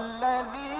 والذين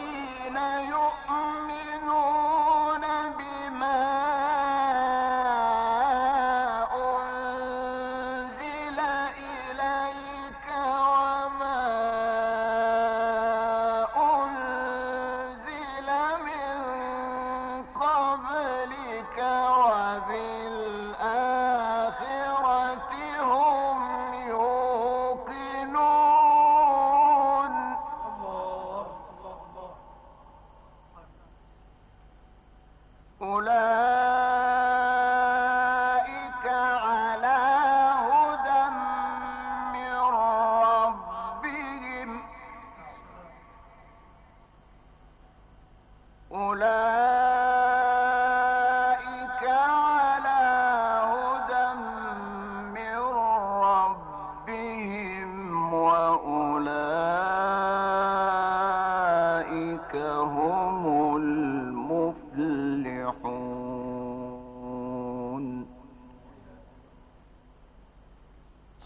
فأولئك هم المفلحون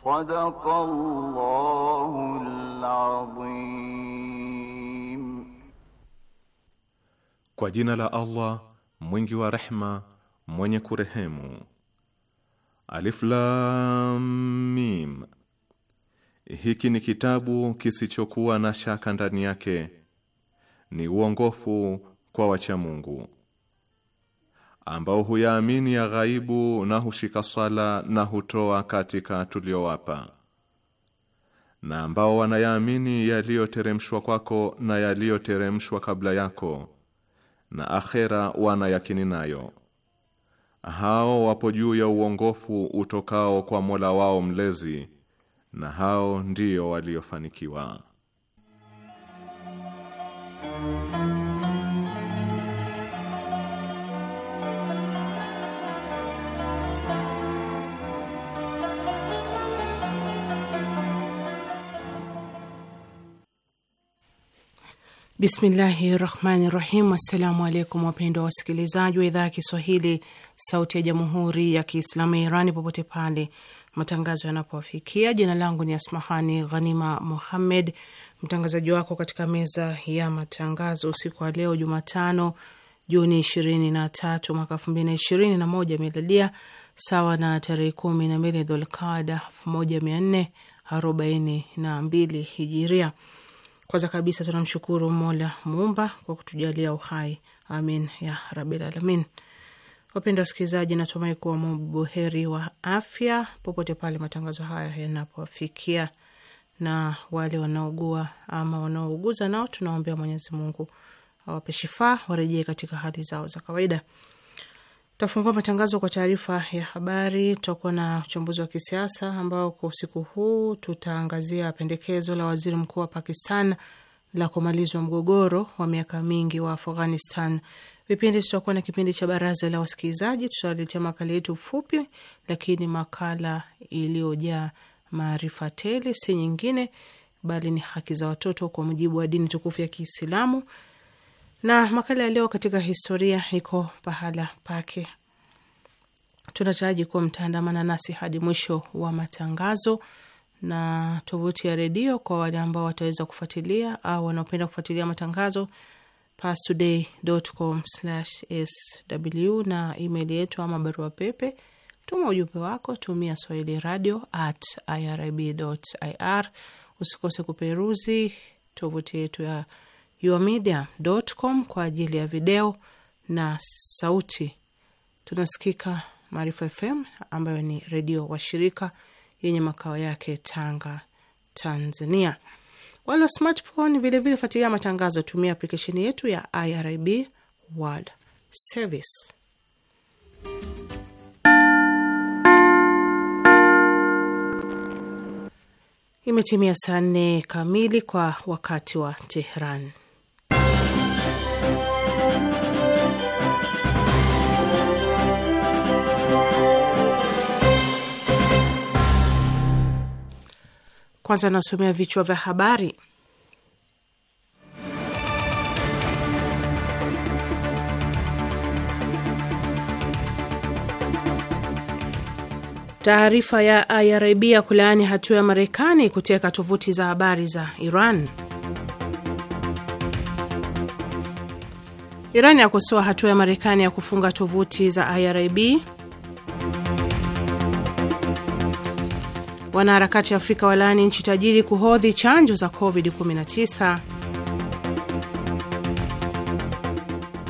صدق الله العظيم Kwa jina la Allah mwingi wa rehma mwenye kurehemu Alif Lam Mim hiki ni kitabu kisichokuwa na shaka ndani yake, ni uongofu kwa wacha mungu ambao huyaamini ya ghaibu na hushika sala na hutoa katika tuliowapa, na ambao wanayaamini yaliyoteremshwa kwako na yaliyoteremshwa kabla yako, na akhera wanayakini nayo. Hao wapo juu ya uongofu utokao kwa Mola wao mlezi na hao ndio waliofanikiwa. Bismillahi rahmani rahim. Assalamu alaikum wapendwa wa wasikilizaji wa idhaa ya Kiswahili sauti ya jamhuri ya Kiislamu ya Irani popote pale matangazo yanapowafikia. Jina langu ni Asmahani Ghanima muhammed mtangazaji wako katika meza ya matangazo usiku wa leo Jumatano, Juni ishirini na tatu mwaka elfu mbili na ishirini na moja miladia, sawa na tarehe kumi na mbili Dhulkada elfu moja mia nne arobaini na mbili hijiria. Kwanza kabisa tunamshukuru Mola muumba kwa kutujalia uhai, amin ya rabil alamin. Wapenda wasikilizaji, natumai kuwa mbuheri wa afya popote pale matangazo haya yanapofikia, na wale wanaougua ama wanaouguza nao tunaombea Mwenyezi Mungu awape shifaa, warejee katika hali zao za kawaida. Tafungua matangazo kwa taarifa ya habari. Tutakuwa na uchambuzi wa kisiasa ambao kwa usiku huu tutaangazia pendekezo la waziri mkuu wa Pakistan la kumalizwa mgogoro wa miaka mingi wa Afghanistan vipindi. Tutakuwa na kipindi cha baraza la wasikilizaji, tutawaletea makala yetu fupi, lakini makala iliyojaa maarifa tele, si nyingine bali ni haki za watoto kwa mujibu wa dini tukufu ya Kiislamu, na makala ya leo katika historia iko pahala pake. Tunataraji kuwa mtaandamana nasi hadi mwisho wa matangazo na tovuti ya redio kwa wale ambao wataweza kufuatilia au wanaopenda kufuatilia matangazo pastoday.com/sw na email yetu ama barua pepe. Tuma ujumbe wako, tumia swahili radio at irib.ir. Usikose kuperuzi tovuti yetu ya yourmedia.com kwa ajili ya video na sauti. Tunasikika Maarifa FM ambayo ni redio washirika yenye makao yake Tanga, Tanzania. Wala smartphone vilevile, fuatilia matangazo, tumia aplikesheni yetu ya IRIB World Service. Imetimia saa nne kamili kwa wakati wa Tehran. Kwanza nasomea vichwa vya habari. Taarifa ya IRIB ya kulaani hatua ya Marekani kuteka tovuti za habari za Iran. Iran yakosoa hatua ya Marekani ya kufunga tovuti za IRIB. Wanaharakati Afrika walaani nchi tajiri kuhodhi chanjo za COVID-19,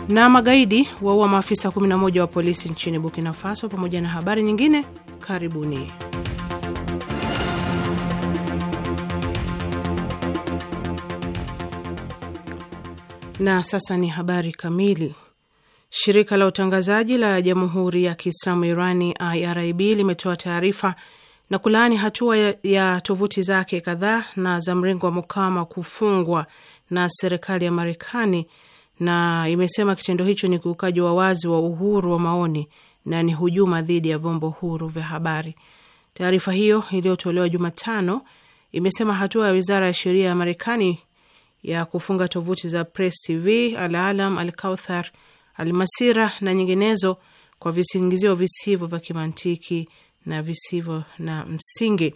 na magaidi waua maafisa 11 wa polisi nchini Burkina Faso, pamoja na habari nyingine. Karibuni. Na sasa ni habari kamili. Shirika la utangazaji la Jamhuri ya Kiislamu Irani, IRIB, limetoa taarifa na kulaani hatua ya, ya tovuti zake kadhaa na za mrengo wa mukawama kufungwa na serikali ya Marekani, na imesema kitendo hicho ni kiukaji wa wazi wa uhuru wa maoni na ni hujuma dhidi ya vyombo huru vya habari. Taarifa hiyo iliyotolewa Jumatano imesema hatua ya wizara ya sheria ya Marekani ya kufunga tovuti za Press TV, Al Alam, Al Kauthar, Al Masira na nyinginezo kwa visingizio visivyo vya kimantiki na visivyo na msingi.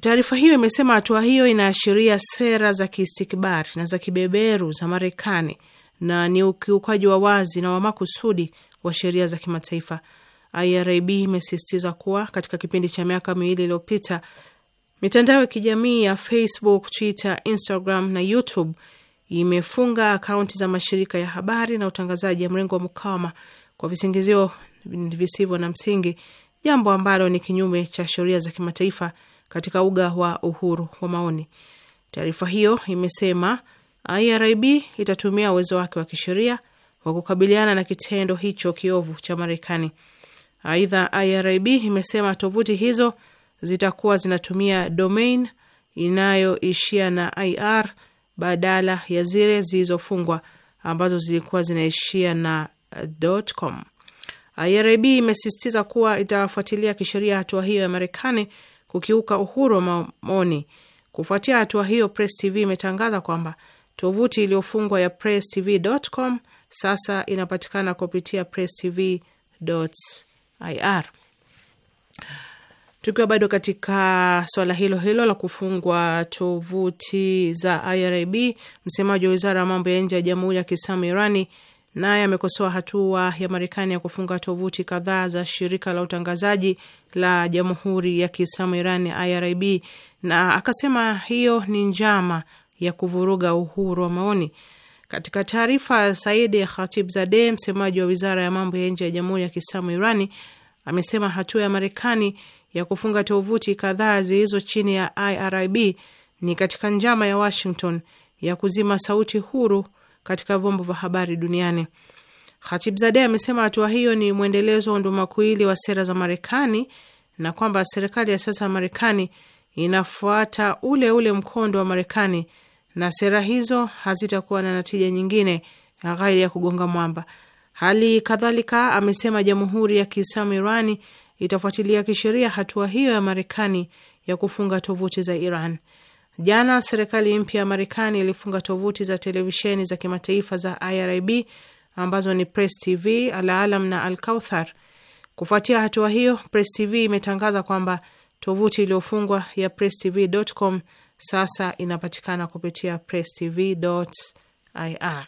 Taarifa hiyo imesema hatua hiyo inaashiria sera za kiistikbari na za kibeberu za Marekani na ni ukiukaji wa wazi na wa makusudi wa sheria za kimataifa. IRIB imesisitiza kuwa katika kipindi cha miaka miwili iliyopita mitandao ya kijamii ya Facebook, Twitter, Instagram na YouTube imefunga akaunti za mashirika ya habari na utangazaji ya mrengo wa mkama kwa visingizio visivyo na msingi, jambo ambalo ni kinyume cha sheria za kimataifa katika uga wa uhuru wa maoni. Taarifa hiyo imesema IRIB itatumia uwezo wake wa kisheria wa kukabiliana na kitendo hicho kiovu cha Marekani. Aidha, IRIB imesema tovuti hizo zitakuwa zinatumia domain inayoishia na ir badala ya zile zilizofungwa ambazo zilikuwa zinaishia na com. IRIB imesisitiza kuwa itafuatilia kisheria hatua hiyo ya Marekani kukiuka uhuru wa maoni. Kufuatia hatua hiyo, Press TV imetangaza kwamba tovuti iliyofungwa ya com sasa inapatikana kupitia ir. Tukiwa bado katika swala hilo hilo la kufungwa tovuti za IRIB, msemaji wa wizara ya mambo ya nje ya Jamhuri ya Kiislamu Irani naye amekosoa hatua ya Marekani ya kufunga tovuti kadhaa za shirika la utangazaji la Jamhuri ya Kiislamu Iran IRIB, na akasema hiyo ni njama ya kuvuruga uhuru wa maoni. Katika taarifa, Saidi zade msemaji wa wizara ya mambo ya nje ya Jamhuri ya Kiislamu Irani, amesema hatua ya Marekani ya kufunga tovuti kadhaa zilizo chini ya IRIB ni katika njama ya Washington ya kuzima sauti huru katika vyombo vya habari duniani. Khatibzadeh amesema hatua hiyo ni mwendelezo wa ndumakuili wa sera za Marekani na kwamba serikali ya sasa ya Marekani inafuata ule ule mkondo wa Marekani na sera hizo hazitakuwa na natija nyingine ghairi ya kugonga mwamba. Hali kadhalika amesema Jamhuri ya Kiislamu Irani itafuatilia kisheria hatua hiyo ya Marekani ya kufunga tovuti za Iran. Jana serikali mpya ya Marekani ilifunga tovuti za televisheni za kimataifa za IRIB ambazo ni Press TV, alam na Al Kauthar. Kufuatia hatua hiyo, Press TV imetangaza kwamba tovuti iliyofungwa ya presstv.com sasa inapatikana kupitia presstv.ir.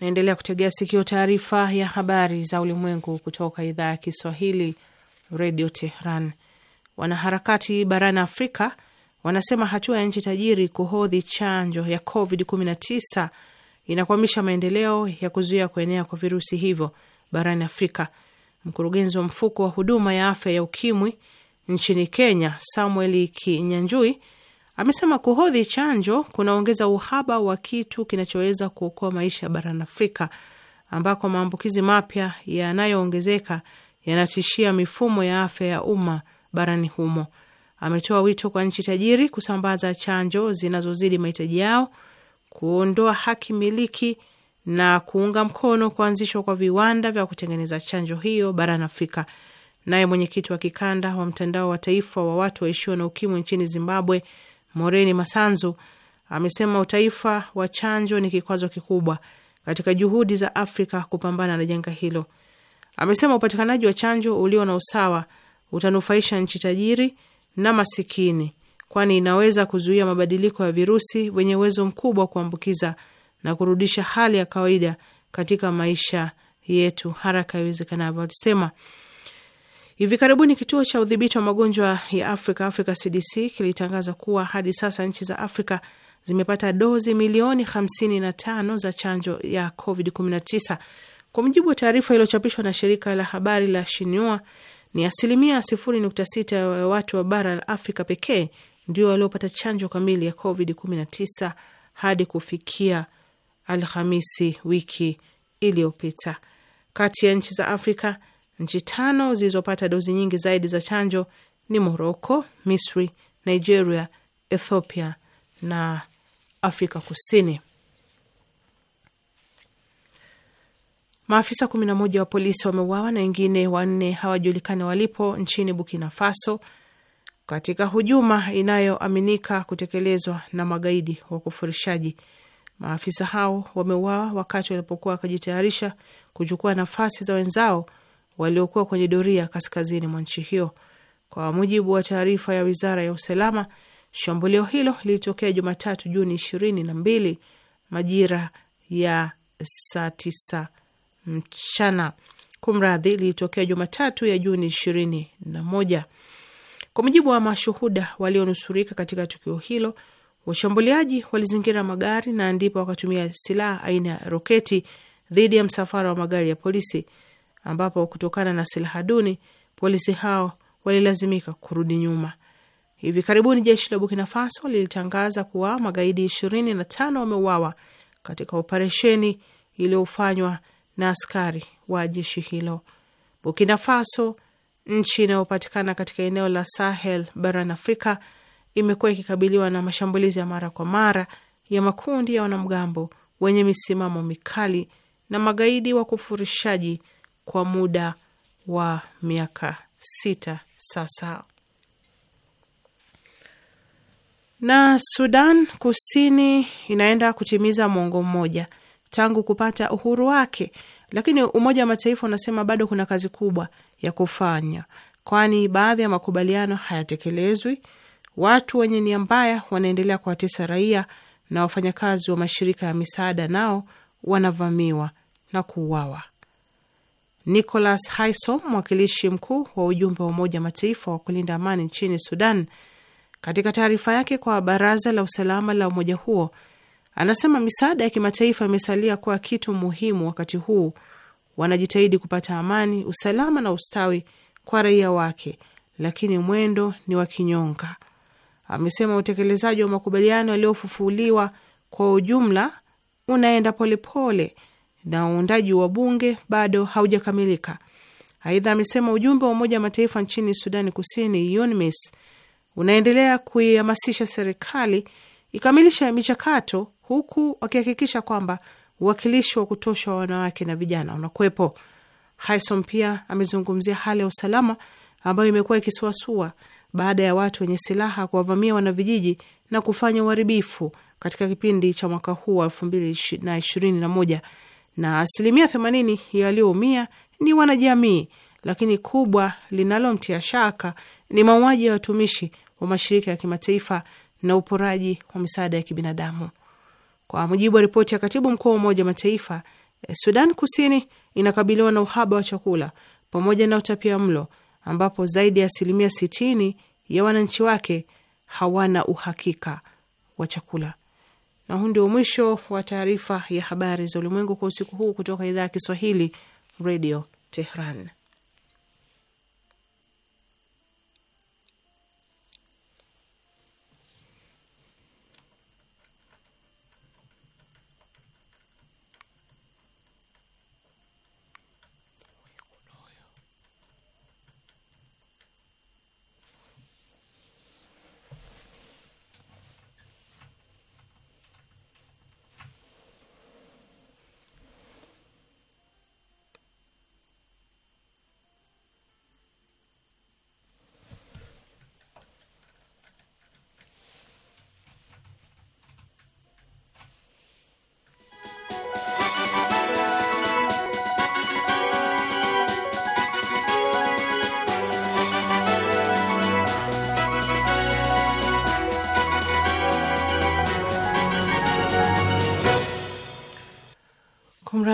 Naendelea kutegea sikio taarifa ya habari za ulimwengu kutoka idhaa ya Kiswahili, Radio Tehran. Wanaharakati barani Afrika wanasema hatua ya nchi tajiri kuhodhi chanjo ya COVID-19 inakwamisha maendeleo ya kuzuia kuenea kwa virusi hivyo barani Afrika. Mkurugenzi wa mfuko wa huduma ya afya ya ukimwi nchini Kenya, Samuel Kinyanjui, amesema kuhodhi chanjo kunaongeza uhaba wa kitu kinachoweza kuokoa maisha barani Afrika, ambako maambukizi mapya yanayoongezeka yanatishia mifumo ya afya ya umma barani humo ametoa wito kwa nchi tajiri kusambaza chanjo zinazozidi mahitaji yao, kuondoa haki miliki na kuunga mkono kuanzishwa kwa viwanda vya kutengeneza chanjo hiyo barani Afrika. Naye mwenyekiti wa kikanda wa mtandao wa taifa wa watu waishio na ukimwi nchini Zimbabwe, Moreni Masanzu, amesema utaifa wa chanjo ni kikwazo kikubwa katika juhudi za Afrika kupambana na janga hilo. Amesema upatikanaji wa chanjo ulio na usawa utanufaisha nchi tajiri na masikini, kwani inaweza kuzuia mabadiliko ya virusi wenye uwezo mkubwa wa kuambukiza na kurudisha hali ya kawaida katika maisha yetu haraka iwezekanavyo, alisema. Hivi karibuni kituo cha udhibiti wa magonjwa ya Afrika, Africa CDC, kilitangaza kuwa hadi sasa nchi za Afrika zimepata dozi milioni 55 za chanjo ya COVID-19. Kwa mujibu wa taarifa iliyochapishwa na shirika la habari la Shinua, ni asilimia 0.6 ya watu wa bara la Afrika pekee ndio waliopata chanjo kamili ya COVID-19 hadi kufikia Alhamisi wiki iliyopita. Kati ya nchi za Afrika, nchi tano zilizopata dozi nyingi zaidi za chanjo ni Moroko, Misri, Nigeria, Ethiopia na Afrika Kusini. Maafisa 11 wa polisi wameuawa na wengine wanne hawajulikani walipo nchini Burkina Faso katika hujuma inayoaminika kutekelezwa na magaidi wa kufurishaji. Maafisa hao wameuawa wakati walipokuwa wakijitayarisha kuchukua nafasi za wenzao waliokuwa kwenye doria kaskazini mwa nchi hiyo. Kwa mujibu wa taarifa ya wizara ya usalama, shambulio hilo lilitokea Jumatatu Juni ishirini na mbili majira ya saa tisa mchana. Kumradhi, ilitokea Jumatatu ya Juni ishirini na moja. Kwa mujibu wa mashuhuda walionusurika katika tukio hilo, washambuliaji walizingira magari na ndipo wakatumia silaha aina ya roketi dhidi ya msafara wa magari ya polisi, ambapo kutokana na silaha duni polisi hao walilazimika kurudi nyuma. Hivi karibuni jeshi la Burkina Faso lilitangaza kuwa magaidi 25 wameuawa katika operesheni iliyofanywa na askari wa jeshi hilo. Burkina Faso, nchi inayopatikana katika eneo la Sahel barani Afrika, imekuwa ikikabiliwa na mashambulizi ya mara kwa mara ya makundi ya wanamgambo wenye misimamo mikali na magaidi wa kufurishaji kwa muda wa miaka sita sasa. Na Sudan Kusini inaenda kutimiza mwongo mmoja tangu kupata uhuru wake, lakini Umoja wa Mataifa unasema bado kuna kazi kubwa ya kufanya, kwani baadhi ya makubaliano hayatekelezwi. Watu wenye nia mbaya wanaendelea kuwatesa raia na wafanyakazi wa mashirika ya misaada nao wanavamiwa na kuuawa. Nicholas Haysom, mwakilishi mkuu wa ujumbe wa Umoja Mataifa wa kulinda amani nchini Sudan, katika taarifa yake kwa Baraza la Usalama la umoja huo Anasema misaada ya kimataifa imesalia kuwa kitu muhimu wakati huu, wanajitahidi kupata amani, usalama na ustawi kwa raia wake, lakini mwendo ni wa kinyonga. Amesema utekelezaji wa makubaliano yaliyofufuliwa kwa ujumla unaenda polepole pole, na uundaji wa bunge bado haujakamilika. Aidha, amesema ujumbe wa Umoja wa Mataifa nchini Sudani Kusini, UNMISS, unaendelea kuihamasisha serikali ikamilishe michakato huku wakihakikisha kwamba uwakilishi wa kutosha wa wanawake na vijana unakuwepo. Harrison pia amezungumzia hali ya usalama ambayo imekuwa ikisuasua baada ya watu wenye silaha kuwavamia wanavijiji na kufanya uharibifu katika kipindi cha mwaka huu wa elfu mbili na ishirini na moja na asilimia themanini yaliyoumia ni wanajamii, lakini kubwa linalomtia shaka ni mauaji ya watumishi wa mashirika ya kimataifa na uporaji wa misaada ya kibinadamu. Kwa mujibu wa ripoti ya katibu mkuu wa Umoja wa Mataifa, eh, Sudan Kusini inakabiliwa na uhaba wa chakula pamoja na utapia mlo, ambapo zaidi ya asilimia sitini ya wananchi wake hawana uhakika wa chakula. Na huu ndio mwisho wa taarifa ya habari za ulimwengu kwa usiku huu kutoka idhaa ya Kiswahili, Radio Tehran.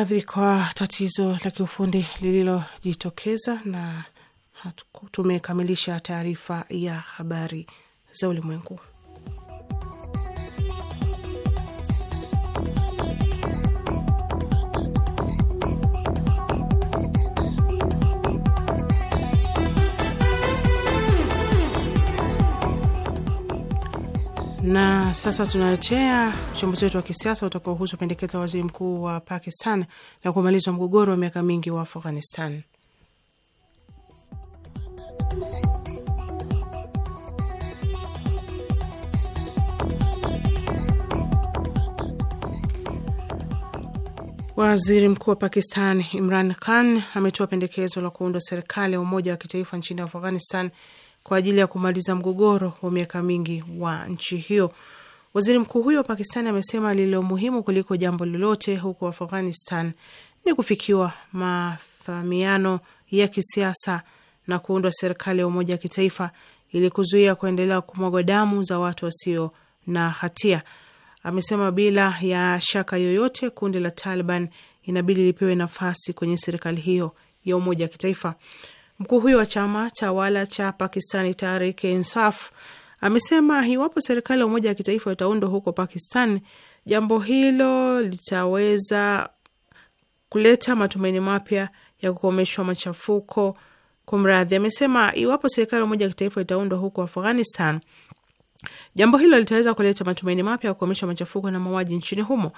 radhi kwa tatizo la kiufundi lililojitokeza, na tumekamilisha taarifa ya habari za ulimwengu. Na sasa tunaletea uchambuzi wetu wa kisiasa utakaohusu pendekezo la waziri mkuu wa Pakistan la kumalizwa mgogoro wa miaka mingi wa Afghanistan. Waziri mkuu wa Pakistan Imran Khan ametoa pendekezo la kuundwa serikali ya umoja wa kitaifa nchini Afghanistan kwa ajili ya kumaliza mgogoro wa miaka mingi wa nchi hiyo. Waziri mkuu huyo wa Pakistani amesema lililo muhimu kuliko jambo lolote huko Afghanistan ni kufikiwa mafahamiano ya kisiasa na kuundwa serikali ya umoja wa kitaifa ili kuzuia kuendelea kumwagwa damu za watu wasio na hatia. Amesema bila ya shaka yoyote kundi la Taliban inabidi lipewe nafasi kwenye serikali hiyo ya umoja wa kitaifa. Mkuu huyo wa chama tawala cha Pakistani Tahriki Insaf amesema iwapo serikali ya umoja wa kitaifa itaundwa huko Pakistan, jambo hilo litaweza kuleta matumaini mapya ya kukomeshwa machafuko. Kumradhi, amesema iwapo serikali ya umoja wa kitaifa itaundwa huko Afghanistan, jambo hilo litaweza kuleta matumaini mapya ya kukomesha machafuko na mauaji nchini humo.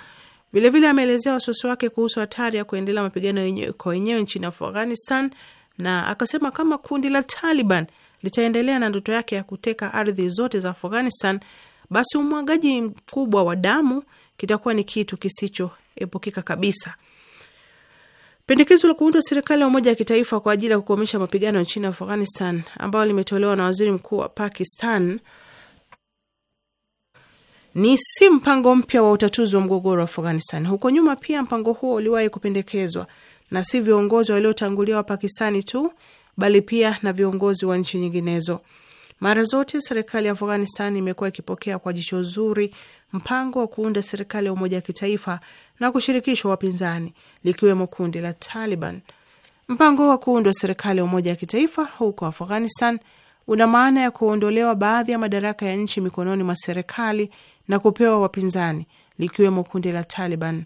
Vilevile ameelezea wasiwasi wake kuhusu hatari ya kuendelea mapigano yenyewe kwa wenyewe nchini Afghanistan na akasema kama kundi la Taliban litaendelea na ndoto yake ya kuteka ardhi zote za Afghanistan, basi umwagaji mkubwa wa damu kitakuwa ni kitu kisichoepukika kabisa. Pendekezo la kuundwa serikali ya umoja ya kitaifa kwa ajili ya kukomesha mapigano nchini Afghanistan, ambayo limetolewa na waziri mkuu wa Pakistan, ni si mpango mpya wa utatuzi wa mgogoro wa Afghanistan. Huko nyuma pia mpango huo uliwahi kupendekezwa na si viongozi waliotangulia wa Pakistani tu bali pia na viongozi wa nchi nyinginezo. Mara zote serikali ya Afghanistan imekuwa ikipokea kwa jicho zuri mpango wa kuunda serikali ya umoja wa kitaifa na kushirikishwa wapinzani likiwemo kundi la Taliban. Mpango wa kuundwa serikali ya umoja wa kitaifa huko Afghanistan una maana ya kuondolewa baadhi ya madaraka ya nchi mikononi mwa serikali na kupewa wapinzani likiwemo kundi la Taliban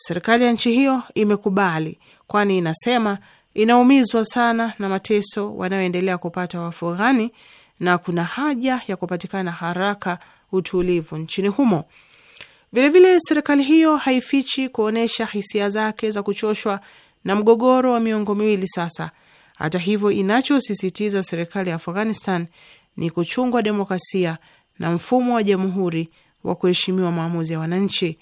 Serikali ya nchi hiyo imekubali, kwani inasema inaumizwa sana na mateso wanayoendelea kupata Waafghani na kuna haja ya kupatikana haraka utulivu nchini humo. Vilevile, serikali hiyo haifichi kuonyesha hisia zake za kuchoshwa na mgogoro wa miongo miwili sasa. Hata hivyo, inachosisitiza serikali ya Afghanistan ni kuchungwa demokrasia na mfumo wa jamhuri wa kuheshimiwa maamuzi ya wananchi.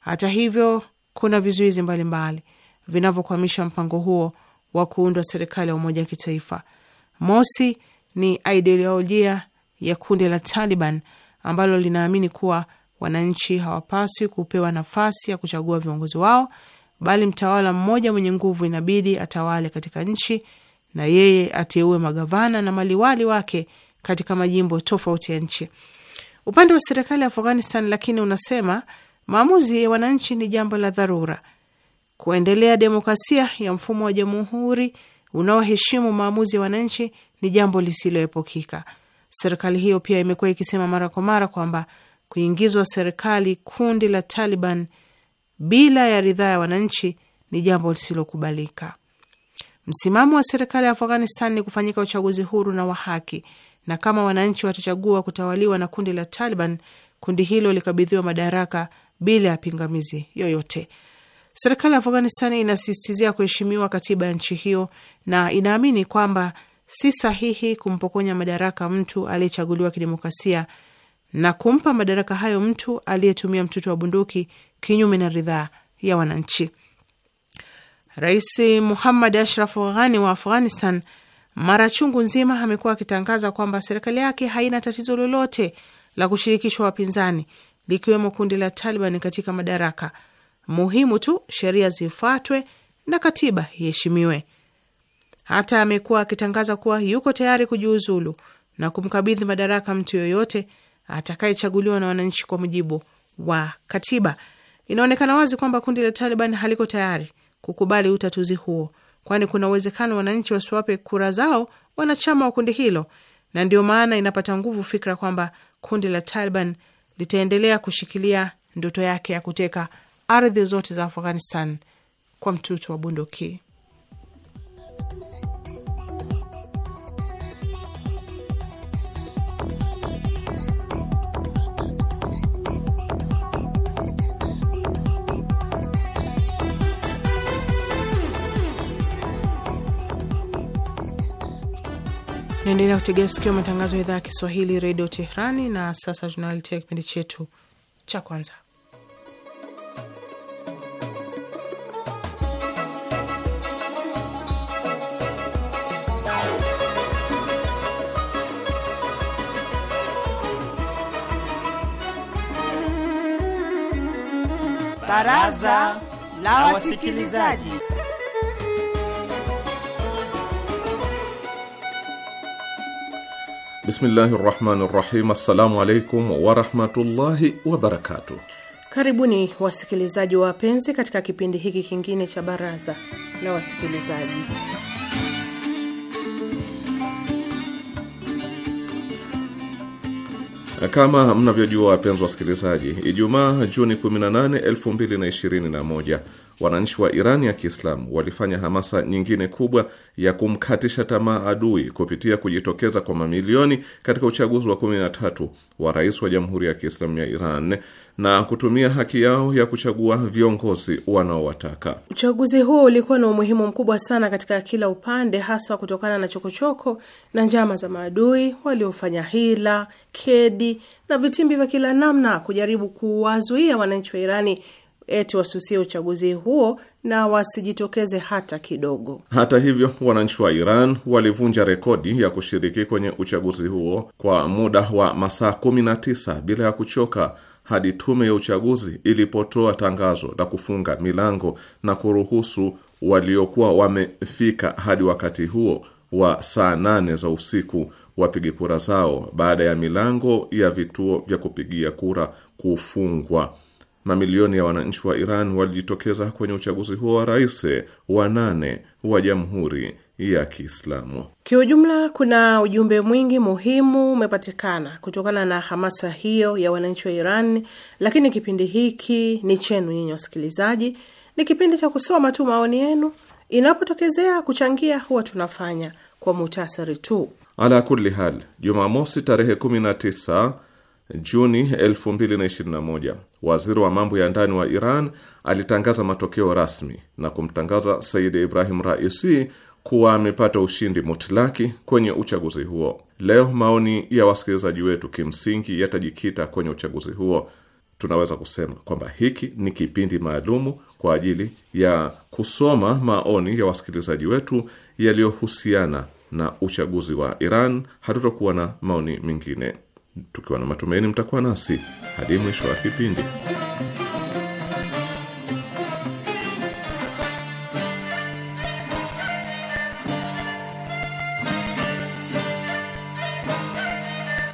Hata hivyo, kuna vizuizi mbalimbali vinavyokwamisha mpango huo wa kuundwa serikali ya umoja wa kitaifa. Mosi ni ideolojia ya kundi la Taliban ambalo linaamini kuwa wananchi hawapaswi kupewa nafasi ya kuchagua viongozi wao, bali mtawala mmoja mwenye nguvu inabidi atawale katika nchi na yeye ateue magavana na maliwali wake katika majimbo tofauti ya nchi. Upande wa serikali ya Afghanistan lakini unasema Maamuzi ya wananchi ni jambo la dharura. Kuendelea demokrasia ya mfumo wa jamhuri unaoheshimu maamuzi ya wananchi ni jambo lisiloepukika. Serikali hiyo pia imekuwa ikisema mara kwa mara kwamba kuingizwa serikali kundi la Taliban bila ya ridhaa ya wananchi ni jambo lisilokubalika. Msimamo wa serikali ya Afghanistan ni kufanyika uchaguzi huru na wa haki, na kama wananchi watachagua kutawaliwa na kundi la Taliban, kundi hilo likabidhiwa madaraka bila ya pingamizi yoyote. Serikali ya Afghanistan inasisitizia kuheshimiwa katiba ya nchi hiyo na inaamini kwamba si sahihi kumpokonya madaraka mtu aliyechaguliwa kidemokrasia na kumpa madaraka hayo mtu aliyetumia mtoto wa bunduki kinyume na ridhaa ya wananchi. Rais Muhammad Ashraf Ghani wa Afghanistan mara chungu nzima amekuwa akitangaza kwamba serikali yake haina tatizo lolote la kushirikishwa wapinzani likiwemo kundi la Taliban katika madaraka. Muhimu tu sheria zifuatwe na katiba iheshimiwe. Hata amekuwa akitangaza kuwa yuko tayari kujiuzulu na kumkabidhi madaraka mtu yoyote atakayechaguliwa na wananchi kwa mujibu wa katiba. Inaonekana wazi kwamba kundi la Taliban haliko tayari kukubali utatuzi huo, kwani kuna uwezekano wananchi wasiwape kura zao wanachama wa kundi hilo, na ndio maana inapata nguvu fikra kwamba kundi la Taliban litaendelea kushikilia ndoto yake ya kuteka ardhi zote za Afghanistan kwa mtutu wa bunduki. Naendelea kutegea sikio matangazo ya idhaa ya Kiswahili redio Teherani. Na sasa tunaletea kipindi chetu cha kwanza, baraza la wasikilizaji. Bismillahi rahmani rahim. Assalamu alaikum warahmatullahi wabarakatuh. Karibuni wasikilizaji wa wapenzi katika kipindi hiki kingine cha baraza la wasikilizaji. Kama mnavyojua wapenzi wasikilizaji, Ijumaa Juni 18, 2021 wananchi wa Irani ya Kiislamu walifanya hamasa nyingine kubwa ya kumkatisha tamaa adui kupitia kujitokeza kwa mamilioni katika uchaguzi wa 13 wa rais wa Jamhuri ya Kiislamu ya Iran na kutumia haki yao ya kuchagua viongozi wanaowataka. Uchaguzi huo ulikuwa na umuhimu mkubwa sana katika kila upande, haswa kutokana na chokochoko na njama za maadui waliofanya hila, kedi na vitimbi vya kila namna kujaribu kuwazuia wananchi wa Irani eti wasusie uchaguzi huo na wasijitokeze hata kidogo. Hata hivyo, wananchi wa Iran walivunja rekodi ya kushiriki kwenye uchaguzi huo kwa muda wa masaa 19 bila ya kuchoka hadi tume ya uchaguzi ilipotoa tangazo la kufunga milango na kuruhusu waliokuwa wamefika hadi wakati huo wa saa nane za usiku wapige kura zao baada ya milango ya vituo vya kupigia kura kufungwa Mamilioni ya wananchi wa Iran walijitokeza kwenye uchaguzi huo wa rais wa nane wa Jamhuri ya Kiislamu. Kiujumla, kuna ujumbe mwingi muhimu umepatikana kutokana na hamasa hiyo ya wananchi wa Iran, lakini kipindi hiki ni chenu nyinyi wasikilizaji. Ni kipindi cha kusoma tu maoni yenu, inapotokezea kuchangia huwa tunafanya kwa muhtasari tu. Ala kulli hal, Jumamosi tarehe Juni 2021 waziri wa mambo ya ndani wa Iran alitangaza matokeo rasmi na kumtangaza Said Ibrahim Raisi kuwa amepata ushindi mutlaki kwenye uchaguzi huo. Leo maoni ya wasikilizaji wetu kimsingi yatajikita kwenye uchaguzi huo. Tunaweza kusema kwamba hiki ni kipindi maalumu kwa ajili ya kusoma maoni ya wasikilizaji wetu yaliyohusiana na uchaguzi wa Iran. Hatutokuwa na maoni mengine tukiwa na matumaini mtakuwa nasi hadi mwisho wa kipindi.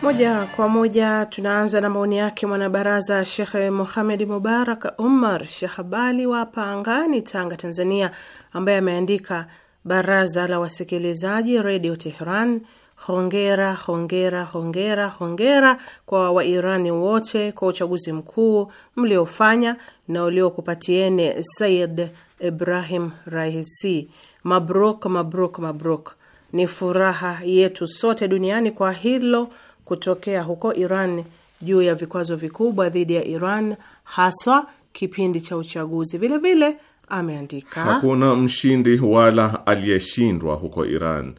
Moja kwa moja tunaanza na maoni yake mwanabaraza Shekhe Muhamed Mubarak umar Shahabali wa Pangani, Tanga, Tanzania, ambaye ameandika: baraza la wasikilizaji redio Teheran Hongera, hongera, hongera, hongera kwa Wairani wote kwa uchaguzi mkuu mliofanya na uliokupatieni Said Ibrahim Raisi. Mabruk, mabruk, mabruk. Ni furaha yetu sote duniani kwa hilo kutokea huko Iran juu ya vikwazo vikubwa dhidi ya Iran haswa kipindi cha uchaguzi. Vile vile ameandika, hakuna mshindi wala aliyeshindwa huko Iran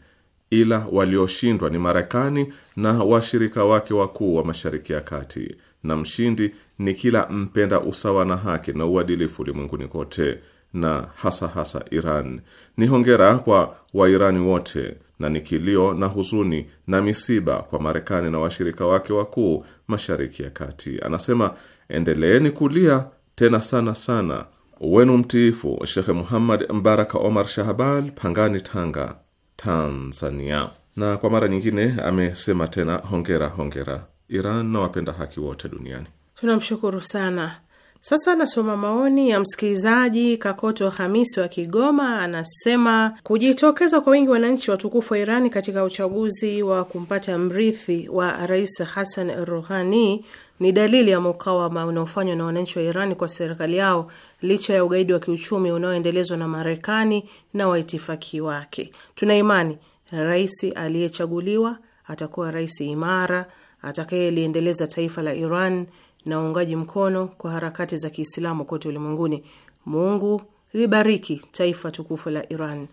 ila walioshindwa ni Marekani na washirika wake wakuu wa Mashariki ya Kati, na mshindi ni kila mpenda usawa na haki na uadilifu ulimwenguni kote na hasa hasa Iran. Ni hongera kwa Wairani wote na ni kilio na huzuni na misiba kwa Marekani na washirika wake wakuu Mashariki ya Kati. Anasema, endeleeni kulia tena sana sana. Wenu mtiifu Shekhe Muhammad Mbaraka Omar Shahbal, Pangani, Tanga. Tanzania. Na kwa mara nyingine amesema tena hongera, hongera Iran na wapenda haki wote duniani. Tunamshukuru sana. Sasa nasoma maoni ya msikilizaji Kakoto Hamisi wa Kigoma. Anasema kujitokeza kwa wingi wananchi watukufu wa Irani katika uchaguzi wa kumpata mrithi wa Rais Hassan Rouhani ni dalili ya mukawama unaofanywa na wananchi wa Irani kwa serikali yao licha ya ugaidi wa kiuchumi unaoendelezwa na Marekani na waitifaki wake. Tuna imani rais aliyechaguliwa atakuwa rais imara atakayeliendeleza taifa la Iran na uungaji mkono kwa harakati za Kiislamu kote ulimwenguni. Mungu libariki taifa tukufu la Iran.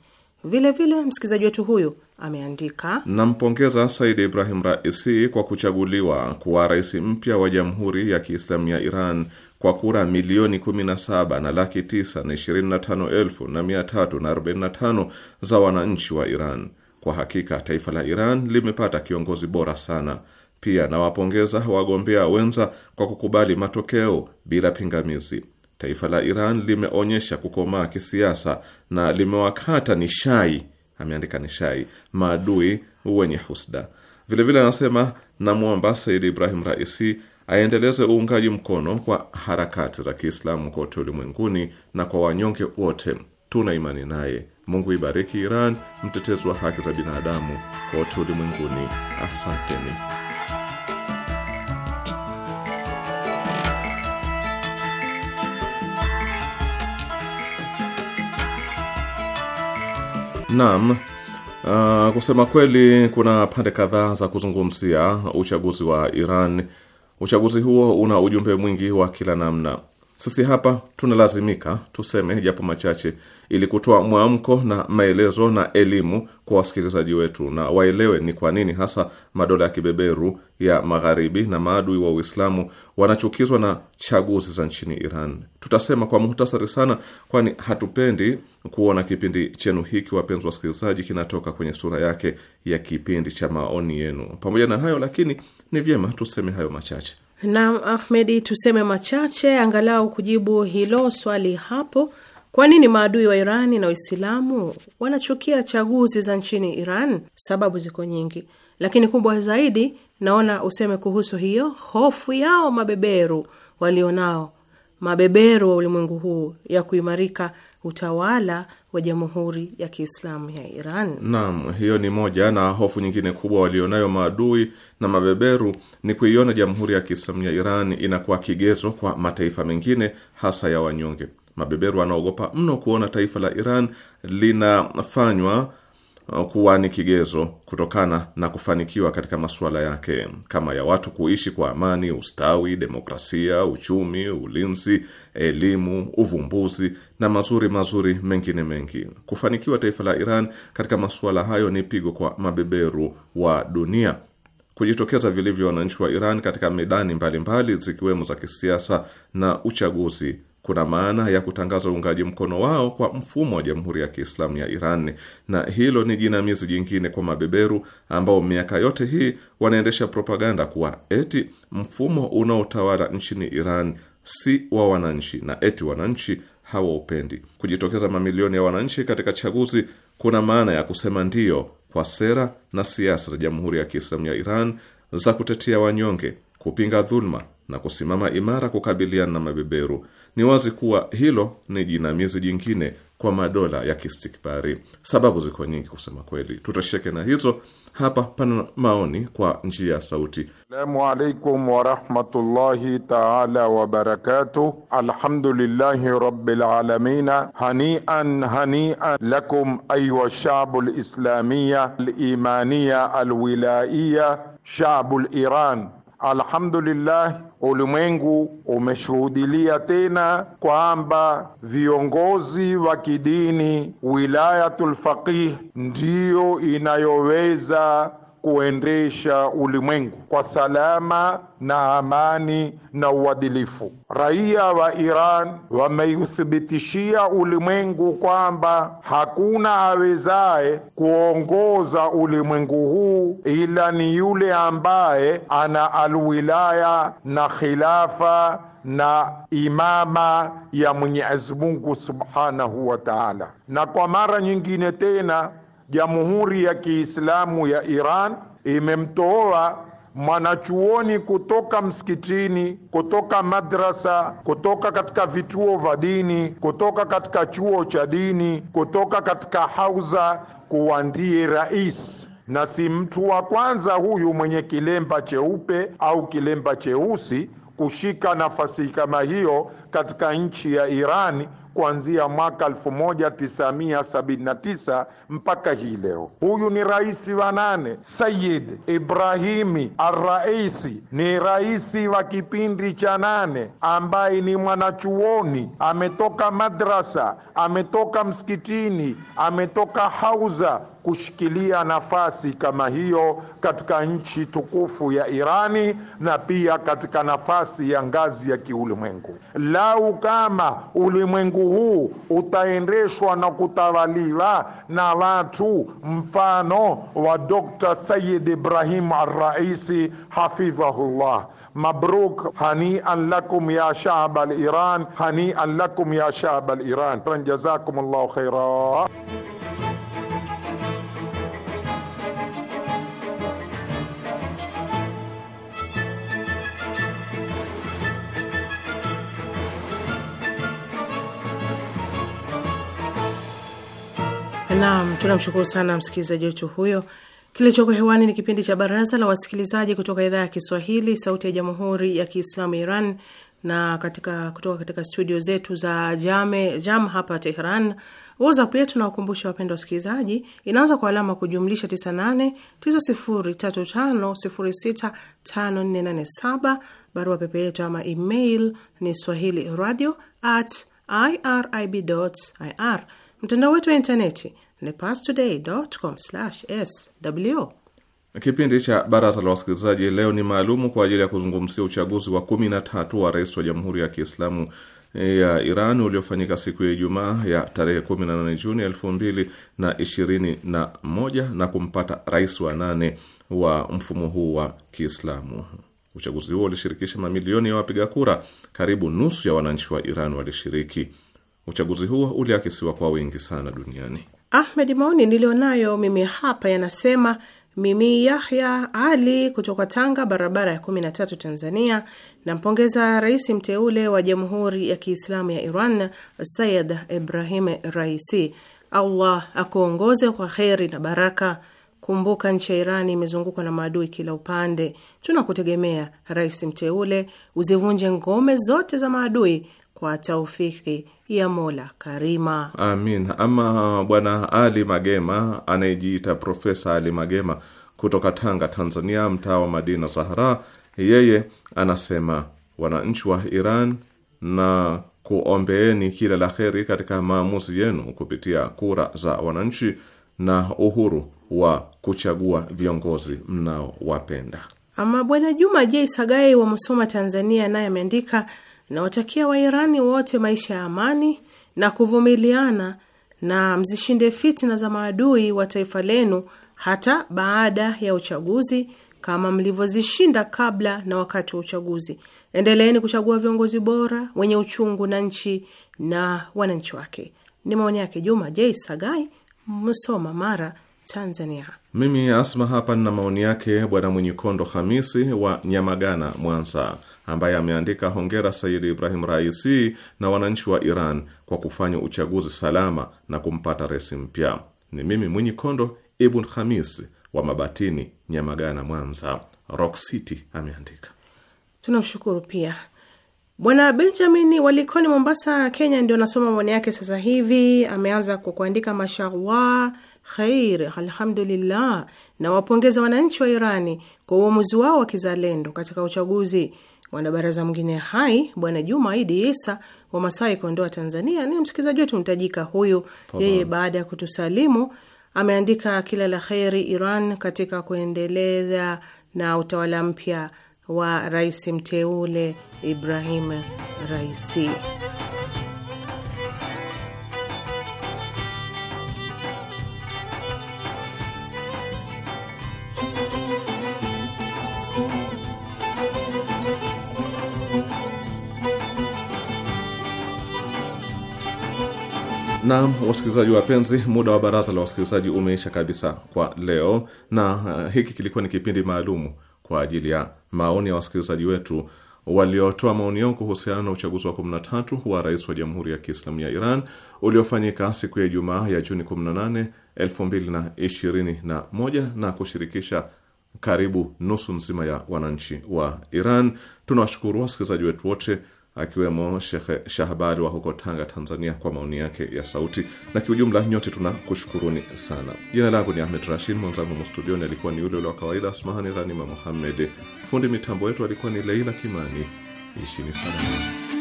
Vilevile msikilizaji wetu huyu ameandika, nampongeza Said Ibrahim Raisi kwa kuchaguliwa kuwa rais mpya wa Jamhuri ya Kiislamu ya Iran kwa kura milioni 17 na laki 9 na 25 na 345 za wananchi wa Iran. Kwa hakika taifa la Iran limepata kiongozi bora sana. Pia nawapongeza wagombea wenza kwa kukubali matokeo bila pingamizi taifa la Iran limeonyesha kukomaa kisiasa na limewakata nishai, ameandika nishai, maadui wenye husda. Vilevile anasema namwomba Said Ibrahim Raisi aendeleze uungaji mkono kwa harakati za Kiislamu kote ulimwenguni na kwa wanyonge wote. Tuna imani naye. Mungu ibariki Iran, mtetezi wa haki za binadamu kote ulimwenguni. Asanteni. Naam. Uh, kusema kweli kuna pande kadhaa za kuzungumzia uchaguzi wa Iran. Uchaguzi huo una ujumbe mwingi wa kila namna. Sisi hapa tunalazimika tuseme japo machache, ili kutoa mwamko na maelezo na elimu kwa wasikilizaji wetu, na waelewe ni kwa nini hasa madola ya kibeberu ya magharibi na maadui wa Uislamu wanachukizwa na chaguzi za nchini Iran. Tutasema kwa muhtasari sana, kwani hatupendi kuona kipindi chenu hiki, wapenzi wasikilizaji, kinatoka kwenye sura yake ya kipindi cha maoni yenu. Pamoja na hayo lakini, ni vyema tuseme hayo machache. Naam, Ahmedi, tuseme machache angalau kujibu hilo swali hapo. Kwa nini maadui wa Irani na Waislamu wanachukia chaguzi za nchini Iran? Sababu ziko nyingi, lakini kubwa zaidi naona useme kuhusu hiyo hofu yao mabeberu walionao, mabeberu wa ulimwengu huu ya kuimarika utawala wa Jamhuri ya Kiislamu ya Iran. Naam, hiyo ni moja na hofu nyingine kubwa walionayo maadui na mabeberu ni kuiona Jamhuri ya Kiislamu ya Iran inakuwa kigezo kwa mataifa mengine hasa ya wanyonge. Mabeberu wanaogopa mno kuona taifa la Iran linafanywa kuwa ni kigezo kutokana na kufanikiwa katika masuala yake kama ya watu kuishi kwa amani, ustawi, demokrasia, uchumi, ulinzi, elimu, uvumbuzi na mazuri mazuri mengine mengi. Kufanikiwa taifa la Iran katika masuala hayo ni pigo kwa mabeberu wa dunia. Kujitokeza vilivyo wananchi wa Iran katika medani mbalimbali zikiwemo za kisiasa na uchaguzi kuna maana ya kutangaza uungaji mkono wao kwa mfumo wa Jamhuri ya Kiislamu ya Iran, na hilo ni jinamizi jingine kwa mabeberu ambao miaka yote hii wanaendesha propaganda kuwa eti mfumo unaotawala nchini Iran si wa wananchi na eti wananchi hawaupendi. Kujitokeza mamilioni ya wananchi katika chaguzi kuna maana ya kusema ndiyo kwa sera na siasa za Jamhuri ya Kiislamu ya Iran za kutetea wanyonge, kupinga dhuluma na kusimama imara kukabiliana na mabeberu ni wazi kuwa hilo ni jinamizi jingine kwa madola ya kistikbari. Sababu ziko nyingi kusema kweli, tutasheke na hizo. Hapa pana maoni kwa njia ya sauti. Salamu alaikum warahmatullahi taala wabarakatuh. Alhamdulillahi rabbil hanian hanian lakum ayuha shabu lislamiya alimaniya alwilaiya shabu liran Alhamdulillah, ulimwengu umeshuhudilia tena kwamba viongozi wa kidini wilayatul faqih ndiyo inayoweza kuendesha ulimwengu kwa salama na amani na uadilifu. Raia wa Iran wameuthibitishia ulimwengu kwamba hakuna awezaye kuongoza ulimwengu huu ila ni yule ambaye ana alwilaya na khilafa na imama ya Mwenyezi Mungu Subhanahu wa Ta'ala. Na kwa mara nyingine tena Jamhuri ya Kiislamu ya Iran imemtoa mwanachuoni kutoka msikitini, kutoka madrasa, kutoka katika vituo vya dini, kutoka katika chuo cha dini, kutoka katika hauza, kuwa ndiye rais na si mtu wa kwanza huyu mwenye kilemba cheupe au kilemba cheusi kushika nafasi kama hiyo katika nchi ya Irani kuanzia mwaka 1979 mpaka hii leo. Huyu ni rais wa nane, Sayid Ibrahimi Arraisi, ni raisi wa kipindi cha nane, ambaye ni mwanachuoni, ametoka madrasa, ametoka msikitini, ametoka hauza kushikilia nafasi kama hiyo katika nchi tukufu ya Irani na pia katika nafasi ya ngazi ya kiulimwengu. Lau kama ulimwengu huu utaendeshwa na kutawaliwa na watu mfano wa Dr. Sayyid Ibrahim arraisi hafidhahullah Mabruk, hanian lakum ya shab al-Iran, hanian lakum ya shab al-Iran, jazakumullahu khaira. Tunamshukuru sana msikilizaji wetu huyo. Kilichoko hewani ni kipindi cha Baraza la Wasikilizaji kutoka idhaa ya Kiswahili, Sauti ya Jamhuri ya Kiislamu Iran, na katika kutoka katika studio zetu za Jame Jam hapa Tehran. WhatsApp yetu na wakumbusha wapendwa wasikilizaji, inaanza kwa alama kujumlisha 989035065487. Barua pepe yetu ama email ni swahili radio at irib.ir. Mtandao wetu wa intaneti nepastoday.com/sw. Kipindi cha baraza la wasikilizaji leo ni maalumu kwa ajili ya kuzungumzia uchaguzi wa kumi na tatu wa rais wa Jamhuri ya Kiislamu eh, ya Iran uliofanyika siku ya Ijumaa ya tarehe 18 Juni 2021 na kumpata rais wa nane wa mfumo huu wa Kiislamu. Uchaguzi huo ulishirikisha mamilioni ya wapiga kura, karibu nusu ya wananchi wa Iran walishiriki. Uchaguzi huo uliakisiwa kwa wingi sana duniani. Ahmed, maoni niliyonayo mimi hapa yanasema mimi Yahya Ali kutoka Tanga, barabara ya tatu, Tanzania, nampongeza rais mteule wa Jamhuri ya Kiislamu ya Iran Sayid Ibrahim Raisi. Allah akuongoze kwa kheri na baraka. Kumbuka nchi ya Irani imezungukwa na maadui kila upande. Tunakutegemea rais mteule, uzivunje ngome zote za maadui kwa taufiki ya Mola Karima. Amin. Ama Bwana Ali Magema anayejiita Profesa Ali Magema kutoka Tanga, Tanzania, mtaa wa Madina Zahara, yeye anasema wananchi wa Iran na kuombeeni kila la heri katika maamuzi yenu kupitia kura za wananchi na uhuru wa kuchagua viongozi mnaowapenda. Ama Bwana Juma J Sagai wa Musoma, Tanzania, naye ameandika Nawatakia Wairani wote maisha ya amani na kuvumiliana, na mzishinde fitina za maadui wa taifa lenu hata baada ya uchaguzi kama mlivyozishinda kabla na wakati wa uchaguzi. Endeleeni kuchagua viongozi bora wenye uchungu na nchi na wananchi wake. Ni maoni yake Juma J Sagai, Msoma, Mara, Tanzania. Mimi Asma hapa nina maoni yake Bwana Mwenyikondo Hamisi wa Nyamagana, Mwanza ambaye ameandika hongera Sayidi Ibrahim Raisi na wananchi wa Iran kwa kufanya uchaguzi salama na kumpata resi mpya. Ni mimi Mwinyi Kondo Ibn hamis wa Mabatini, Nyamagana, Mwanza, Rock City ameandika. Tunamshukuru pia Bwana Benjamin Walikoni, Mombasa, Kenya, ndio anasoma maoni yake sasa hivi. Ameanza kwa kuandika mashallah, khair, alhamdulillah, na wapongeza wananchi wa Irani kwa uamuzi wao wa kizalendo katika uchaguzi Mwanabaraza mwingine hai Bwana Juma Idi Isa wa Masai, Kondoa, Tanzania, ni msikilizaji wetu mtajika huyu. Yeye baada ya kutusalimu ameandika kila la kheri Iran katika kuendeleza na utawala mpya wa rais mteule Ibrahim Raisi. Naam, wasikilizaji wapenzi, muda wa baraza la wasikilizaji umeisha kabisa kwa leo, na uh, hiki kilikuwa ni kipindi maalum kwa ajili ya maoni ya wasikilizaji wetu waliotoa maoni yao kuhusiana na uchaguzi wa 13 wa rais wa Jamhuri ya Kiislamu ya Iran uliofanyika siku ya Ijumaa ya Juni 18, 2021 na kushirikisha karibu nusu nzima ya wananchi wa Iran. Tunawashukuru wasikilizaji wetu wote akiwemo Shehe Shahbari wa huko Tanga, Tanzania, kwa maoni yake ya sauti. Na kiujumla nyote tuna kushukuruni sana. Jina langu ni Ahmed Rashid, mwenzangu mstudioni alikuwa ni yule ule wa kawaida Asmahani Ghanima Muhammed, fundi mitambo yetu alikuwa ni Leila Kimani. Ishini sana.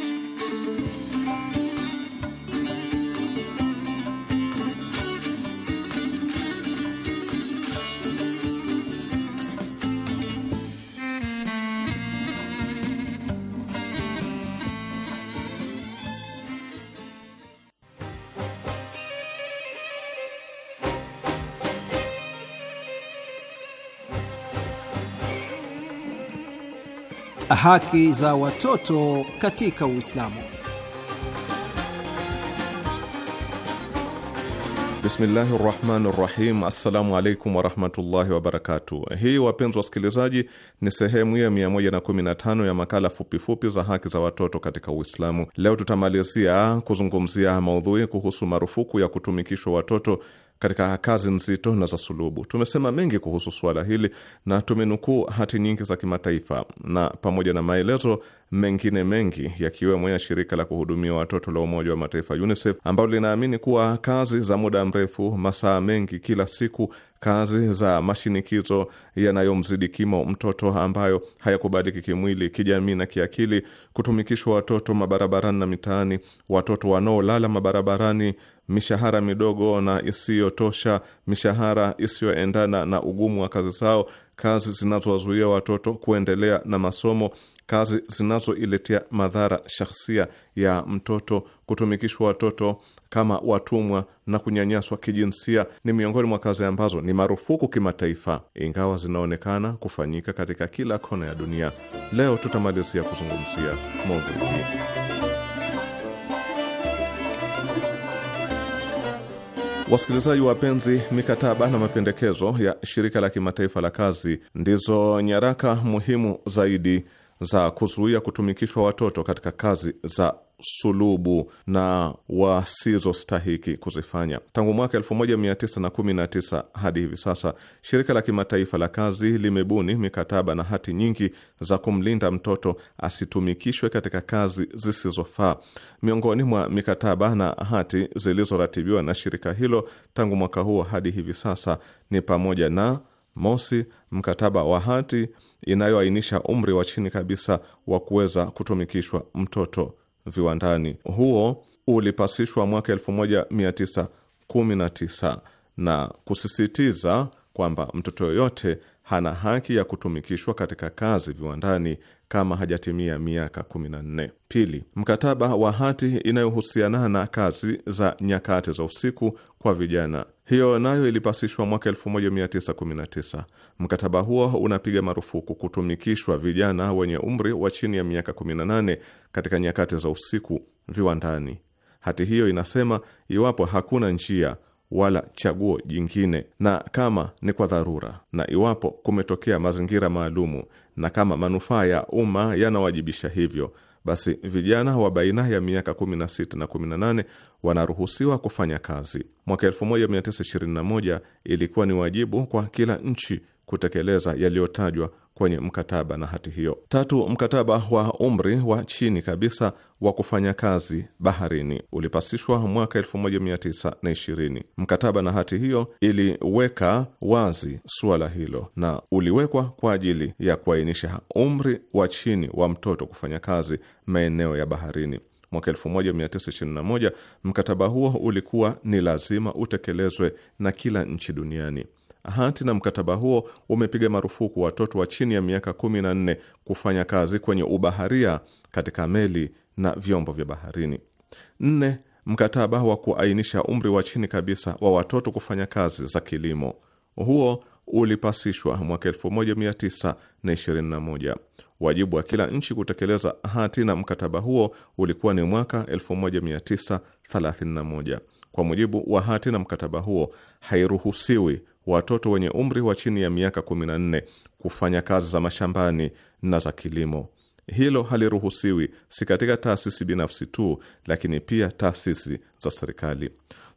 haki za watoto katika Uislamu. Bismillahi rahmani rahim. Assalamu alaikum warahmatullahi wabarakatu. Hii wapenzi wasikilizaji, ni sehemu ya 115 ya makala fupifupi za haki za watoto katika Uislamu. Leo tutamalizia kuzungumzia maudhui kuhusu marufuku ya kutumikishwa watoto katika kazi nzito na za sulubu. Tumesema mengi kuhusu suala hili na tumenukuu hati nyingi za kimataifa na pamoja na maelezo mengine mengi yakiwemo ya shirika la kuhudumia watoto la Umoja wa Mataifa UNICEF ambalo linaamini kuwa kazi za muda mrefu, masaa mengi kila siku, kazi za mashinikizo yanayomzidi kimo mtoto ambayo hayakubaliki kimwili, kijamii na kiakili, kutumikishwa watoto mabarabarani na mitaani, watoto wanaolala mabarabarani, mishahara midogo na isiyotosha, mishahara isiyoendana na ugumu wa kazi zao, kazi zinazowazuia watoto kuendelea na masomo kazi zinazoiletea madhara shahsia ya mtoto, kutumikishwa watoto kama watumwa na kunyanyaswa kijinsia ni miongoni mwa kazi ambazo ni marufuku kimataifa, ingawa zinaonekana kufanyika katika kila kona ya dunia. Leo tutamalizia kuzungumzia maudhui hii. Wasikilizaji wapenzi, mikataba na mapendekezo ya shirika la kimataifa la kazi ndizo nyaraka muhimu zaidi za kuzuia kutumikishwa watoto katika kazi za sulubu na wasizostahiki kuzifanya. Tangu mwaka 1919 hadi hivi sasa, shirika la kimataifa la kazi limebuni mikataba na hati nyingi za kumlinda mtoto asitumikishwe katika kazi zisizofaa. Miongoni mwa mikataba na hati zilizoratibiwa na shirika hilo tangu mwaka huo hadi hivi sasa ni pamoja na Mosi, mkataba wa hati inayoainisha umri wa chini kabisa wa kuweza kutumikishwa mtoto viwandani. Huo ulipasishwa mwaka 1919 na kusisitiza kwamba mtoto yoyote hana haki ya kutumikishwa katika kazi viwandani kama hajatimia miaka 14. Pili, mkataba wa hati inayohusiana na kazi za nyakati za usiku kwa vijana, hiyo nayo ilipasishwa mwaka 1919. Mkataba huo unapiga marufuku kutumikishwa vijana wenye umri wa chini ya miaka 18 katika nyakati za usiku viwandani. Hati hiyo inasema iwapo hakuna njia wala chaguo jingine, na kama ni kwa dharura na iwapo kumetokea mazingira maalumu, na kama manufaa ya umma yanawajibisha hivyo, basi vijana wa baina ya miaka 16 na 18 wanaruhusiwa kufanya kazi. Mwaka 1921 ilikuwa ni wajibu kwa kila nchi kutekeleza yaliyotajwa kwenye mkataba na hati hiyo. Tatu, mkataba wa umri wa chini kabisa wa kufanya kazi baharini ulipasishwa mwaka 1920. Mkataba na hati hiyo iliweka wazi suala hilo na uliwekwa kwa ajili ya kuainisha umri wa chini wa mtoto kufanya kazi maeneo ya baharini. Mwaka 1921 mkataba huo ulikuwa ni lazima utekelezwe na kila nchi duniani hati na mkataba huo umepiga marufuku watoto wa chini ya miaka kumi na nne kufanya kazi kwenye ubaharia katika meli na vyombo vya baharini. Nne, mkataba wa kuainisha umri wa chini kabisa wa watoto kufanya kazi za kilimo huo ulipasishwa mwaka 1921. Wajibu wa kila nchi kutekeleza hati na mkataba huo ulikuwa ni mwaka 1931. Kwa mujibu wa hati na mkataba huo, hairuhusiwi watoto wenye umri wa chini ya miaka 14 kufanya kazi za mashambani na za kilimo. Hilo haliruhusiwi si katika taasisi binafsi tu, lakini pia taasisi za serikali.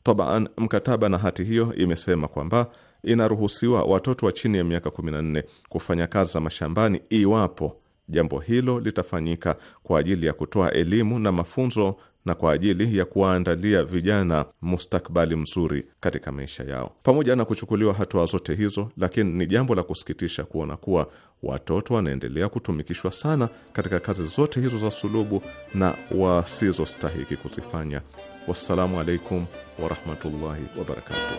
Tabaan, mkataba na hati hiyo imesema kwamba inaruhusiwa watoto wa chini ya miaka 14 kufanya kazi za mashambani iwapo jambo hilo litafanyika kwa ajili ya kutoa elimu na mafunzo na kwa ajili ya kuwaandalia vijana mustakbali mzuri katika maisha yao. Pamoja na kuchukuliwa hatua zote hizo, lakini ni jambo la kusikitisha kuona kuwa watoto wanaendelea kutumikishwa sana katika kazi zote hizo za sulubu na wasizostahiki kuzifanya. Wassalamu alaikum warahmatullahi wabarakatuh.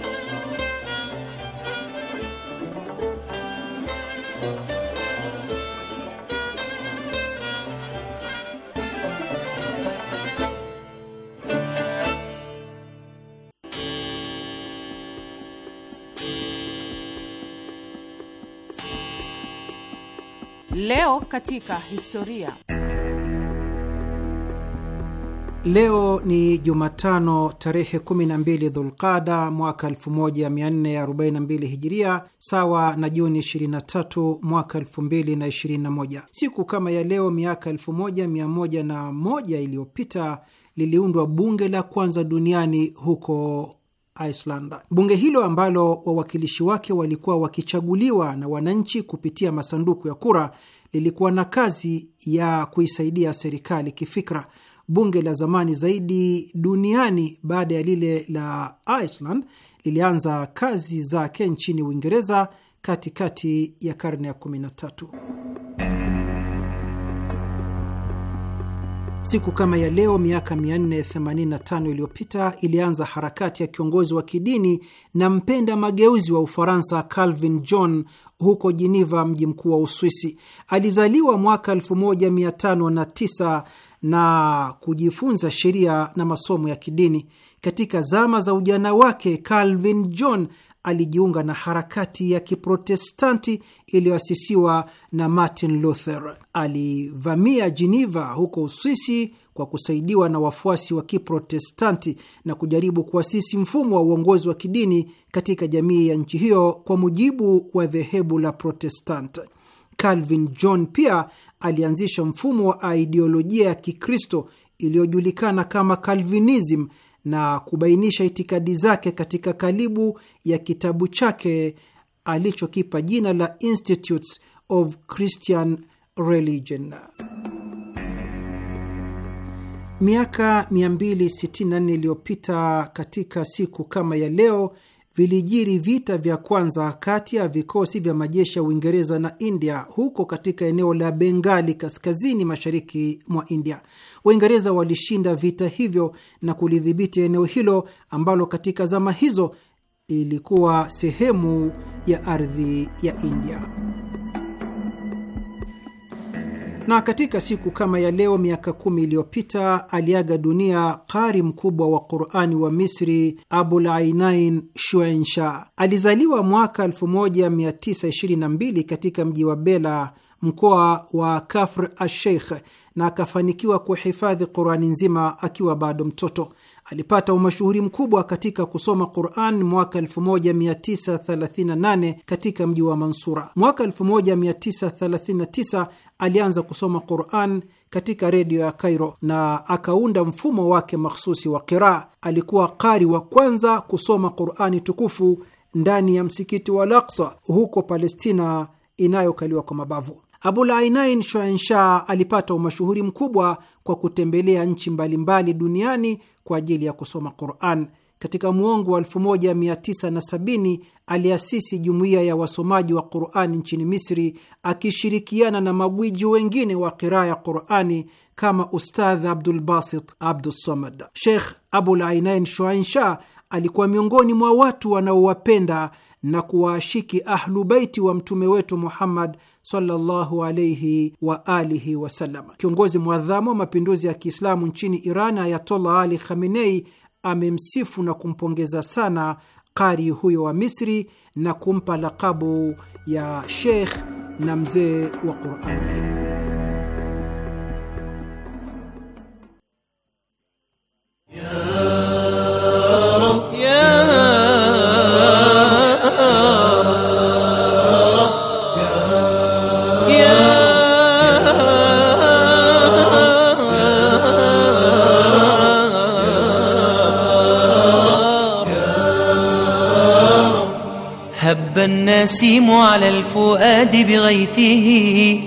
Leo katika historia. Leo ni Jumatano tarehe 12 Dhulqada mwaka 1442 Hijiria, sawa na Juni 23 mwaka 2021. Siku kama ya leo miaka 1101 iliyopita liliundwa bunge la kwanza duniani huko Iceland. Bunge hilo ambalo wawakilishi wake walikuwa wakichaguliwa na wananchi kupitia masanduku ya kura lilikuwa na kazi ya kuisaidia serikali kifikra. Bunge la zamani zaidi duniani baada ya lile la Iceland lilianza kazi zake nchini Uingereza katikati ya karne ya 13. Siku kama ya leo miaka 485 iliyopita ilianza harakati ya kiongozi wa kidini na mpenda mageuzi wa Ufaransa Calvin John huko Jiniva, mji mkuu wa Uswisi. Alizaliwa mwaka 1509 na kujifunza sheria na masomo ya kidini. Katika zama za ujana wake, Calvin John alijiunga na harakati ya Kiprotestanti iliyoasisiwa na Martin Luther. Alivamia jiniva huko Uswisi kwa kusaidiwa na wafuasi wa Kiprotestanti na kujaribu kuasisi mfumo wa uongozi wa kidini katika jamii ya nchi hiyo kwa mujibu wa dhehebu la Protestant. Calvin John pia alianzisha mfumo wa ideolojia ya Kikristo iliyojulikana kama Calvinism na kubainisha itikadi zake katika kalibu ya kitabu chake alichokipa jina la Institutes of Christian Religion. Miaka 264 iliyopita katika siku kama ya leo vilijiri vita vya kwanza kati ya vikosi vya majeshi ya Uingereza na India huko katika eneo la Bengali kaskazini mashariki mwa India. Waingereza walishinda vita hivyo na kulidhibiti eneo hilo ambalo katika zama hizo ilikuwa sehemu ya ardhi ya India. Na katika siku kama ya leo miaka kumi iliyopita aliaga dunia qari mkubwa wa Qurani wa Misri Abul Ainain Shuensha. Alizaliwa mwaka 1922 katika mji wa Bela, mkoa wa Kafr Asheikh, na akafanikiwa kuhifadhi Qurani nzima akiwa bado mtoto. Alipata umashuhuri mkubwa katika kusoma Quran mwaka 1938 katika mji wa Mansura. Mwaka 1939 alianza kusoma Quran katika redio ya Kairo na akaunda mfumo wake mahsusi wa qiraa. Alikuwa qari wa kwanza kusoma Qurani tukufu ndani ya msikiti wa Laksa huko Palestina inayokaliwa kwa mabavu. Abul Ainain Shoansha alipata umashuhuri mkubwa kwa kutembelea nchi mbalimbali duniani kwa ajili ya kusoma Quran katika mwongo wa 1970 aliasisi jumuiya ya wasomaji wa Qurani nchini Misri akishirikiana na magwiji wengine wa qiraa ya Qurani kama Ustadh Abdulbasit Abdussamad. Sheikh Abul Ainain Shoainsha alikuwa miongoni mwa watu wanaowapenda na kuwaashiki Ahlu Baiti wa mtume wetu Muhammad sallallahu alayhi wa alihi wasallam. Kiongozi mwadhamu wa mapinduzi ya Kiislamu nchini Iran Ayatollah Ali Khamenei amemsifu na kumpongeza sana qari huyo wa Misri na kumpa lakabu ya Sheikh na mzee wa Qurani. Yeah. النسيم على الفؤاد بغيثه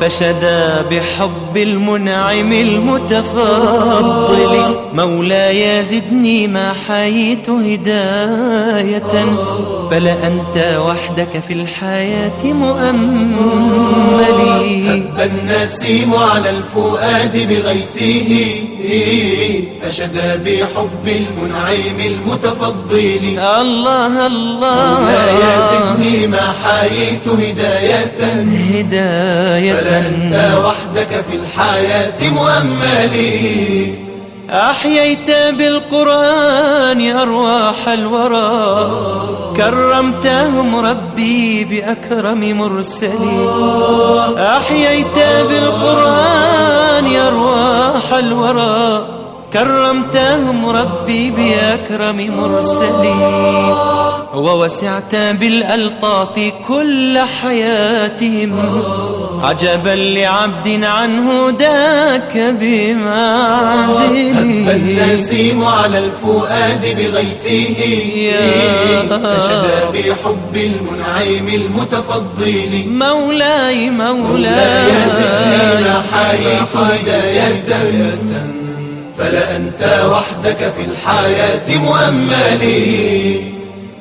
فشدا بحب المنعم المتفضل مولاي زدني ما حييت هداية فلأنت وحدك في الحياة مؤملي هب النسيم على الفؤاد بغيثه فشدى بحب المنعم المتفضل الله الله يا زدني ما حييت هداية هداية فلأنت وحدك في الحياة مؤملي أحييت بالقرآن أرواح الورى كرمتهم ربي بأكرم مرسلي أحييت بالقرآن روح الورى كرمتهم ربي بأكرم مرسلين ووسعت بالألطاف كل حياتهم عجبا لعبد عن هداك بما هب النسيم على الفؤاد بغيثه فشدى بحب المنعم المتفضل مولاي مولاي, مولاي زدنا حي قداية فلا أنت وحدك في الحياة مؤملي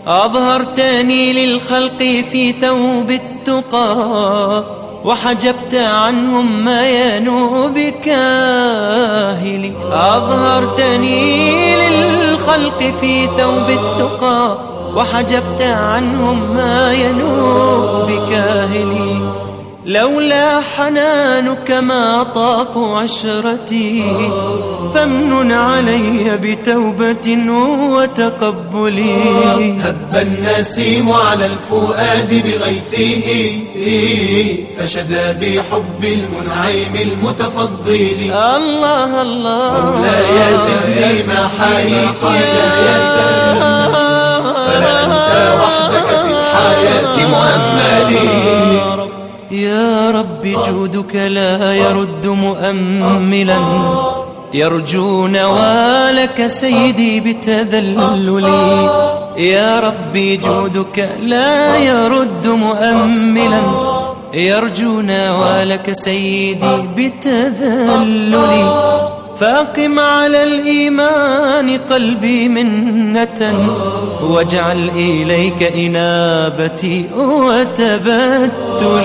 أظهرتني للخلق في ثوب التقى وحجبت عنهم ما ينوب بكاهلي أظهرتني للخلق في ثوب التقى وحجبت عنهم ما ينوب بكاهلي لولا حنانك ما طاق عشرتي فمن علي بتوبة وتقبلي هب النسيم على الفؤاد بغيثه فشد بحب المنعم المتفضل الله الله مولاي زدني محاريق هدايا فلا أنت وحدك في الحياة مؤملي يا رب جودك لا يرد مؤملا يرجو نوالك سيدي بتذللي يا رب جودك لا يرد مؤملا يرجو نوالك سيدي بتذللي فأقم على الإيمان قلبي منة واجعل إليك إنابتي وتبتلي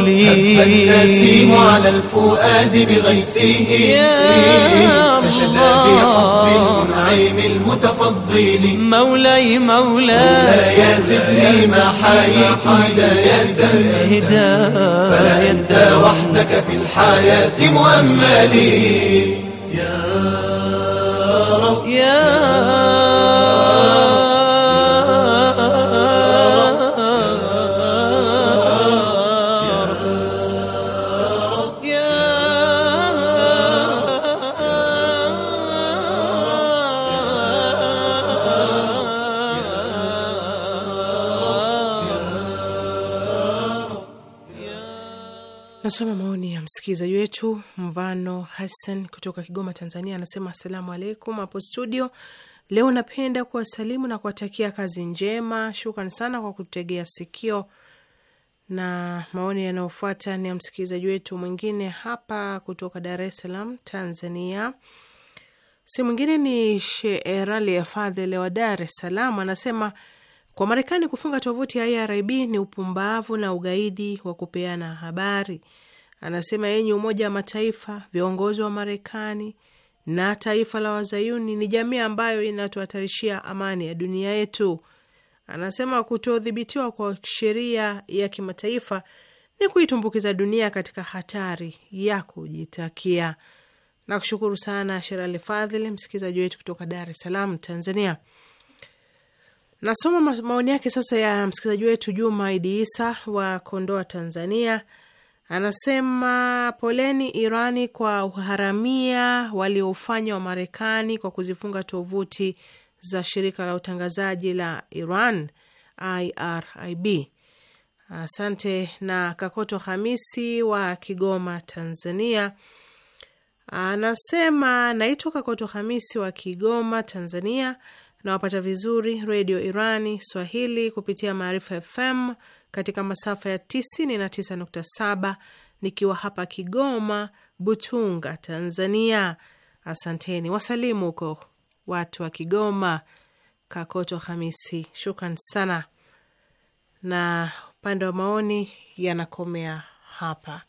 لي النسيم على الفؤاد بغيثه فشد في حب المتفضل مولاي مولاي, مولاي زدني محاييك هداية هداية فلا أنت وحدك في الحياة مؤملي yeah msikilizaji wetu Mvano Hassan kutoka Kigoma, Tanzania, anasema asalamu alaikum hapo studio. Leo napenda kuwasalimu na kuwatakia kazi njema. Shukran sana kwa kutegea sikio. Na maoni yanayofuata ni ya msikilizaji wetu mwingine hapa kutoka Dar es Salaam, Tanzania. Si mwingine ni Sheerali ya Fadhele wa Dar es Salaam, anasema kwa Marekani kufunga tovuti ya IRIB ni upumbavu na ugaidi wa kupeana habari. Anasema yenye Umoja wa Mataifa, viongozi wa Marekani na taifa la Wazayuni ni jamii ambayo inatuhatarishia amani ya dunia yetu. Anasema kutodhibitiwa kwa sheria ya kimataifa ni kuitumbukiza dunia katika hatari ya kujitakia. Nakushukuru sana Sherali Fadhili, msikilizaji wetu kutoka Dar es Salaam, Tanzania. Nasoma maoni yake sasa ya msikilizaji wetu Juma Idi Isa wa Kondoa, Tanzania. Anasema poleni Irani kwa uharamia waliofanya wa Marekani kwa kuzifunga tovuti za shirika la utangazaji la Iran IRIB. Asante. Na Kakoto Hamisi wa Kigoma, Tanzania, anasema naitwa Kakoto Hamisi wa Kigoma, Tanzania. Nawapata vizuri Redio Irani Swahili kupitia Maarifa FM katika masafa ya 99.7 nikiwa hapa Kigoma Butunga, Tanzania. Asanteni wasalimu huko watu wa Kigoma, Kakoto Hamisi, shukran sana. Na upande wa maoni yanakomea hapa,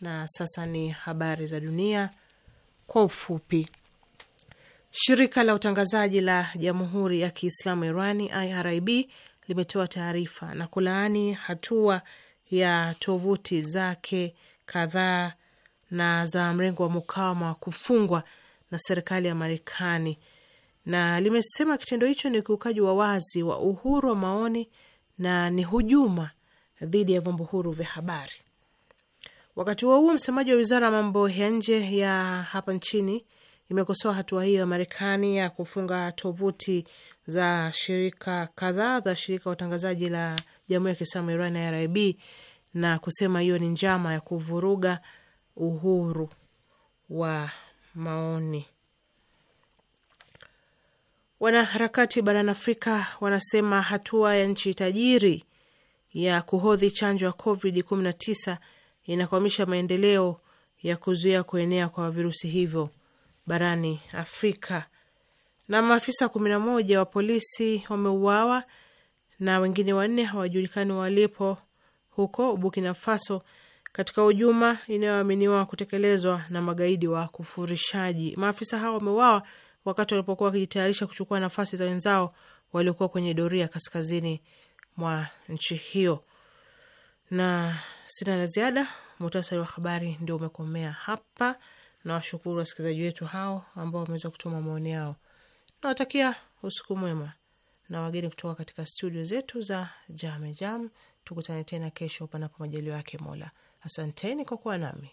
na sasa ni habari za dunia kwa ufupi. Shirika la utangazaji la Jamhuri ya Kiislamu Irani, IRIB, limetoa taarifa na kulaani hatua ya tovuti zake kadhaa na za mrengo wa mukawama wa kufungwa na serikali ya Marekani, na limesema kitendo hicho ni ukiukaji wa wazi wa uhuru wa maoni na ni hujuma dhidi ya vyombo huru vya habari. Wakati huo huo, msemaji wa wizara ya mambo ya nje ya hapa nchini imekosoa hatua hiyo ya Marekani ya kufunga tovuti za shirika kadhaa za shirika la utangazaji la Jamhuri ya Kiislamu ya Iran na IRIB na kusema hiyo ni njama ya kuvuruga uhuru wa maoni. Wanaharakati barani Afrika wanasema hatua ya nchi tajiri ya kuhodhi chanjo ya Covid 19 inakwamisha maendeleo ya kuzuia kuenea kwa virusi hivyo barani Afrika na maafisa kumi na moja wa polisi wameuawa na wengine wanne hawajulikani walipo huko Burkina Faso katika hujuma inayoaminiwa kutekelezwa na magaidi wa kufurishaji. Maafisa hao wameuawa wakati walipokuwa wakijitayarisha kuchukua nafasi za wenzao waliokuwa kwenye doria kaskazini mwa nchi hiyo. Na sina la ziada, muhtasari wa habari ndio umekomea hapa, Nawashukuru wasikilizaji wetu hao ambao wameweza kutuma maoni yao Nawatakia usiku mwema na wageni kutoka katika studio zetu za Jame Jam. Tukutane tena kesho, panapo majaliwa yake Mola. Asanteni kwa kuwa nami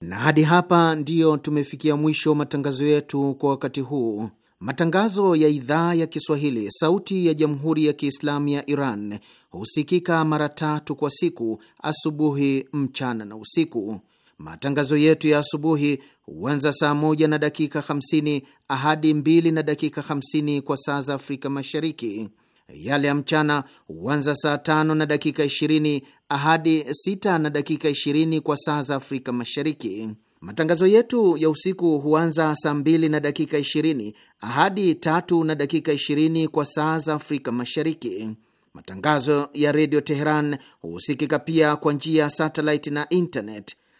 na hadi hapa ndiyo tumefikia mwisho matangazo yetu kwa wakati huu. Matangazo ya idhaa ya Kiswahili, sauti ya jamhuri ya kiislamu ya Iran husikika mara tatu kwa siku: asubuhi, mchana na usiku. Matangazo yetu ya asubuhi huanza saa moja na dakika 50 ahadi mbili na dakika 50 kwa saa za Afrika Mashariki. Yale ya mchana huanza saa tano na dakika 20 ahadi sita na dakika 20 kwa saa za Afrika Mashariki. Matangazo yetu ya usiku huanza saa mbili na dakika 20 ahadi tatu na dakika 20 kwa saa za Afrika Mashariki. Matangazo ya redio Teheran husikika pia kwa njia ya satellite na internet.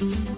Thank you.